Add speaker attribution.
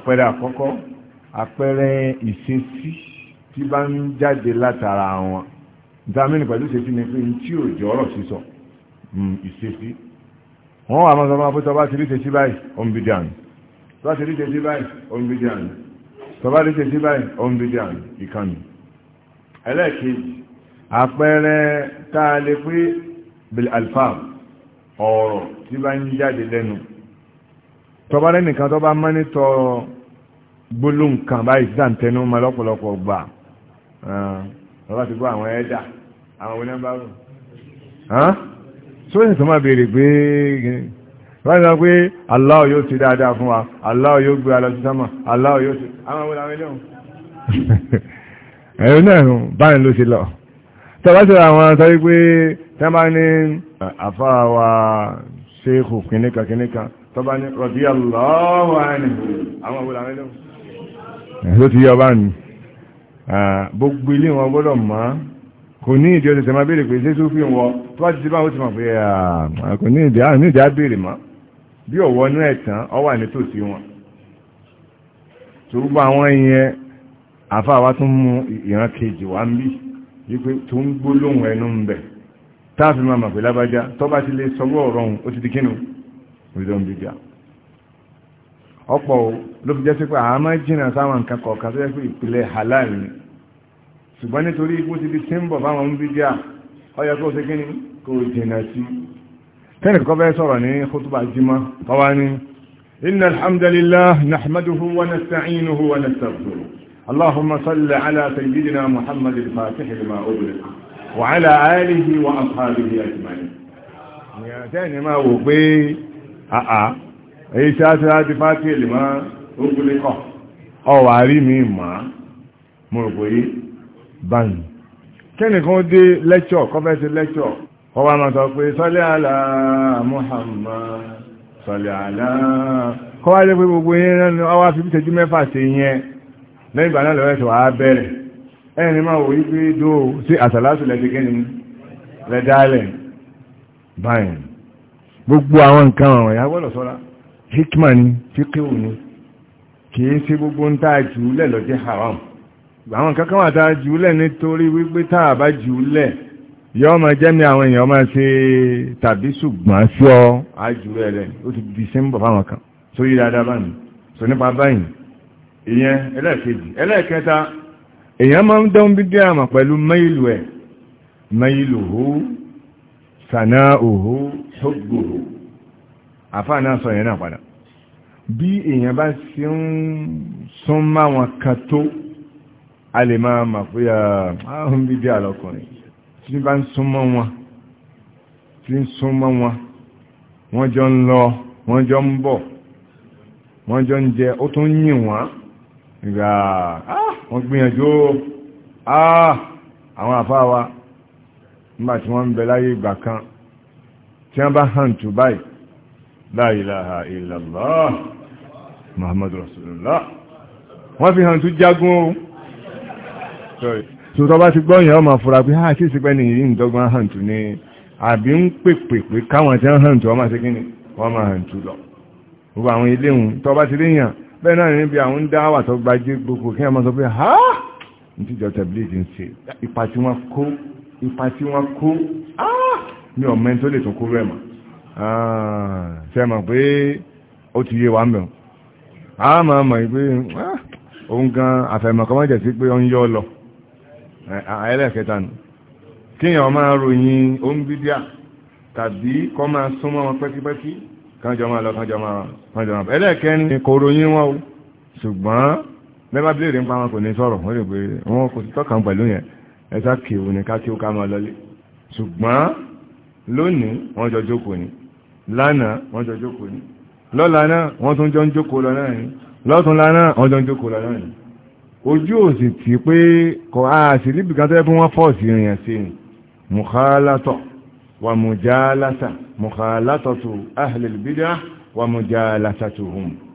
Speaker 1: àpẹẹrẹ àkọ́kọ́ àpẹẹrẹ ìṣesí tí bá ń jáde látara wọn ìtàmínì pẹ̀lú ìṣesí ni pé tí ò jẹ́ ọ̀rọ̀ sísọ mm, ìṣesí wọ́n wà mọ́sán máa fótọ́ bá ti rí ìṣesí báyìí ombidian bá ti rí ìṣesí báyìí ombidian tọ́ rí ìṣesí báyìí ombidian ìkànnì ẹlẹ́ẹ̀kejì àpẹẹrẹ tá a lè pé bil alfam ọ̀rọ̀ tí bá ń jáde lẹ́nu tọba lẹ́nìkan tọba mọ́nítọ̀ gbólóǹkan báyìí sí àǹtẹnu ma lọ́pọ̀lọpọ̀ gbà tọba ti gbọ́ àwọn ẹ̀dà àwọn onígbàrò sóyìn tó máa béèrè pé wọ́n sọ pé Allah yóò ti dáadáa fún wa Allah yóò gbé alọ sí sámà Allah yóò ti àwọn ọmọ ìlànà ẹlẹ́wọ̀n ẹ̀rọ náà báyìí ló ṣe lọ tọba sọ àwọn sọ pé tẹ́ bá ní àfáà wa ṣéèkù kìnníkan kìnníkan tọ́ba ní radiyallahu anhu àwọn òwúlà mẹ́lẹ́ ló ti yọ bá ní gbogbo ilé wọn gbọ́dọ̀ mọ́ kò ní ìdí ọ̀sẹ̀ máa béèrè pé ṣé tó fi wọ tó bá ti ti bá wọn ti mọ̀ pé kò ní ìdí àmì ìdí á béèrè mọ́ bí ọ̀wọ́ inú ẹ̀tàn ọ wà nítòsí wọn tó àwọn ìyẹn àfáàwá tún mú ìran kejì wá ń bí wípé tó ń gbólóhùn ẹnu ń bẹ̀ táàfin máa mọ̀ pé lábájá tọ́ba ti lè sọgbọ́ ọ̀rọ̀ òun ó ti di kínú rídọ́n jíjà ọ̀pọ̀ ló fi jẹ́ sí pé àmọ́ jìnnà sáwọn nǹkan kọ̀ọ̀kan tó yẹ pé ìpìlẹ̀ halal ni ṣùgbọ́n nítorí ipò ti di símbọ̀ báwọn ń bíjà ọyọ kó ṣe kíni kò jìnnà sí tẹ́nì kọ́ bẹ́ẹ̀ sọ̀rọ̀ ní kótóbà jímọ́ tọ́wá ní inna alhamdulillah nahmaduhu wa nasta'inuhu wa nastaghfiruh allahumma salli ala sayyidina muhammad al-fatih lima ughliq wa ala alihi wa ashabihi ajma'in tẹ́nì àà ah, ah. èyí tí a ti láti fákèlì mọ́ ogunlé kọ̀ ọwà rí mi mọ́ mo rò pé báyìí kẹ́nìkan dé lẹ́kṣọ̀ kọ́fẹ́ sí lẹ́kṣọ̀ ọwà máa sọ pé sọ́lẹ̀ àlà Muhammad sọ́lẹ̀ àlà kọ́wá jẹ́ pé gbogbo yẹn rẹ́nu ọwá fi bí tẹ́jú mẹ́fà sí yẹn lẹ́yìn ìgbà náà lọ́wọ́ ẹ̀sẹ̀ wàá bẹ̀rẹ̀ ẹni máa wòye pé dóò báyìí gbogbo àwọn nǹkan àwọn ìyá gbọ́dọ̀ sọ́ra hikma ni fíkíwù ni kìí sí gbogbo ń tàà jùúlẹ̀ lọ́jẹ́ haram àwọn kankan wà tàà jùúlẹ̀ nítorí wípé tàà bá jùúlẹ̀ yọ́ ma jẹ́mi àwọn èèyàn máa ṣe tàbí ṣùgbọ́n sí ọ àjùrẹ́ rẹ̀ ó ti di símbọ̀ fáwọn kan tó yí dáadáa báyìí so nípa báyìí ìyẹn ẹlẹ́ẹ̀kejì ẹlẹ́ẹ̀kẹta èèyàn máa ń dán bídí àmà pẹ̀lú mẹ́ìlù ẹ̀ mẹ́ìlù hó Sana ṣógbòhù àfáà náà sọ yẹn náà padà bí èèyàn bá sí ń sún má wọn kan tó a lè máa mà pé ààrùn bíbí àlọ́kùnrin tí bá ń sún mọ́ wọn tí ń sún mọ́ wọn wọ́n jọ ń lọ wọ́n jọ ń bọ̀ wọ́n jọ ń jẹ ó tún yìn wọ́n ìgbà wọ́n gbìyànjú àwọn àfáà wa nígbà tí wọ́n ń bẹ láyé ìgbà kan tí wọ́n bá hàn tó báyìí la ilaha illallah muhammadu rasulullah wọ́n fi hàn tó jagun o tó tọ́bá ti gbọ́yìn ọmọ fúra pé ha ah, sí ìsìnkú ní ìyí ìdọ́gbọ́n hàn tó ní àbí ń pèpè pé káwọn tí wọ́n hàn tó ọmọ sí kíni wọ́n máa hàn tó lọ gbogbo àwọn ilé òun tọ́bá ti léyàn bẹ́ẹ̀ náà níbi àwọn dáwà tó gbajú gbogbo kí wọ́n sọ pé ha ní tíjọ tẹ̀blé ìdí ń ṣe ipa tí wọ́n kó ipa tí wọ́n kó ah! ní ọmọ tó lè tó kó rẹ̀ mọ̀ ṣe mọ̀ pé ó ti yé wa mẹ́ a máa mọ̀ pé ah, òun gan àfẹ̀mọ̀kọ́ mọ́jẹ̀ sí pé ó ń yọ́ lọ eh, ẹlẹ́ẹ̀kẹta nù kíyàn máa ròyìn oúnbídíà tàbí kọ́ máa súnmọ́ wọn pẹ́kípẹ́kí kánjọ máa lọ kánjọ máa kánjọ máa ẹlẹ́ẹ̀kẹrin kò ròyìn wọn o ṣùgbọ́n mẹ́bàbílẹ̀ rí ń pa wọn kò ní sọ̀rọ̀ wọ́n lè pé wọ́n kò sí tọ́kàn pẹ̀lú yẹn ẹ̀sá kéwù ní kákíwù ká máa lọlé ṣùgbọ́n lónìí wọ́n jọ jókòó ni lánàá wọ́n jọ jókòó ni lọ́la náà wọ́n tún jọ ń jókòó lọ náà ni lọ́tún lánàá wọ́n jọ ń jókòó lọ náà ni ojú ò tí pé kọ ààsì ríbi kan tẹ́ fún wọ́n fọ́ọ̀sì ìrìnà sí ni mùkálátọ̀ wà mùjálátà mùkálátọ̀ tó ahlil wà mùjálátà tó hùn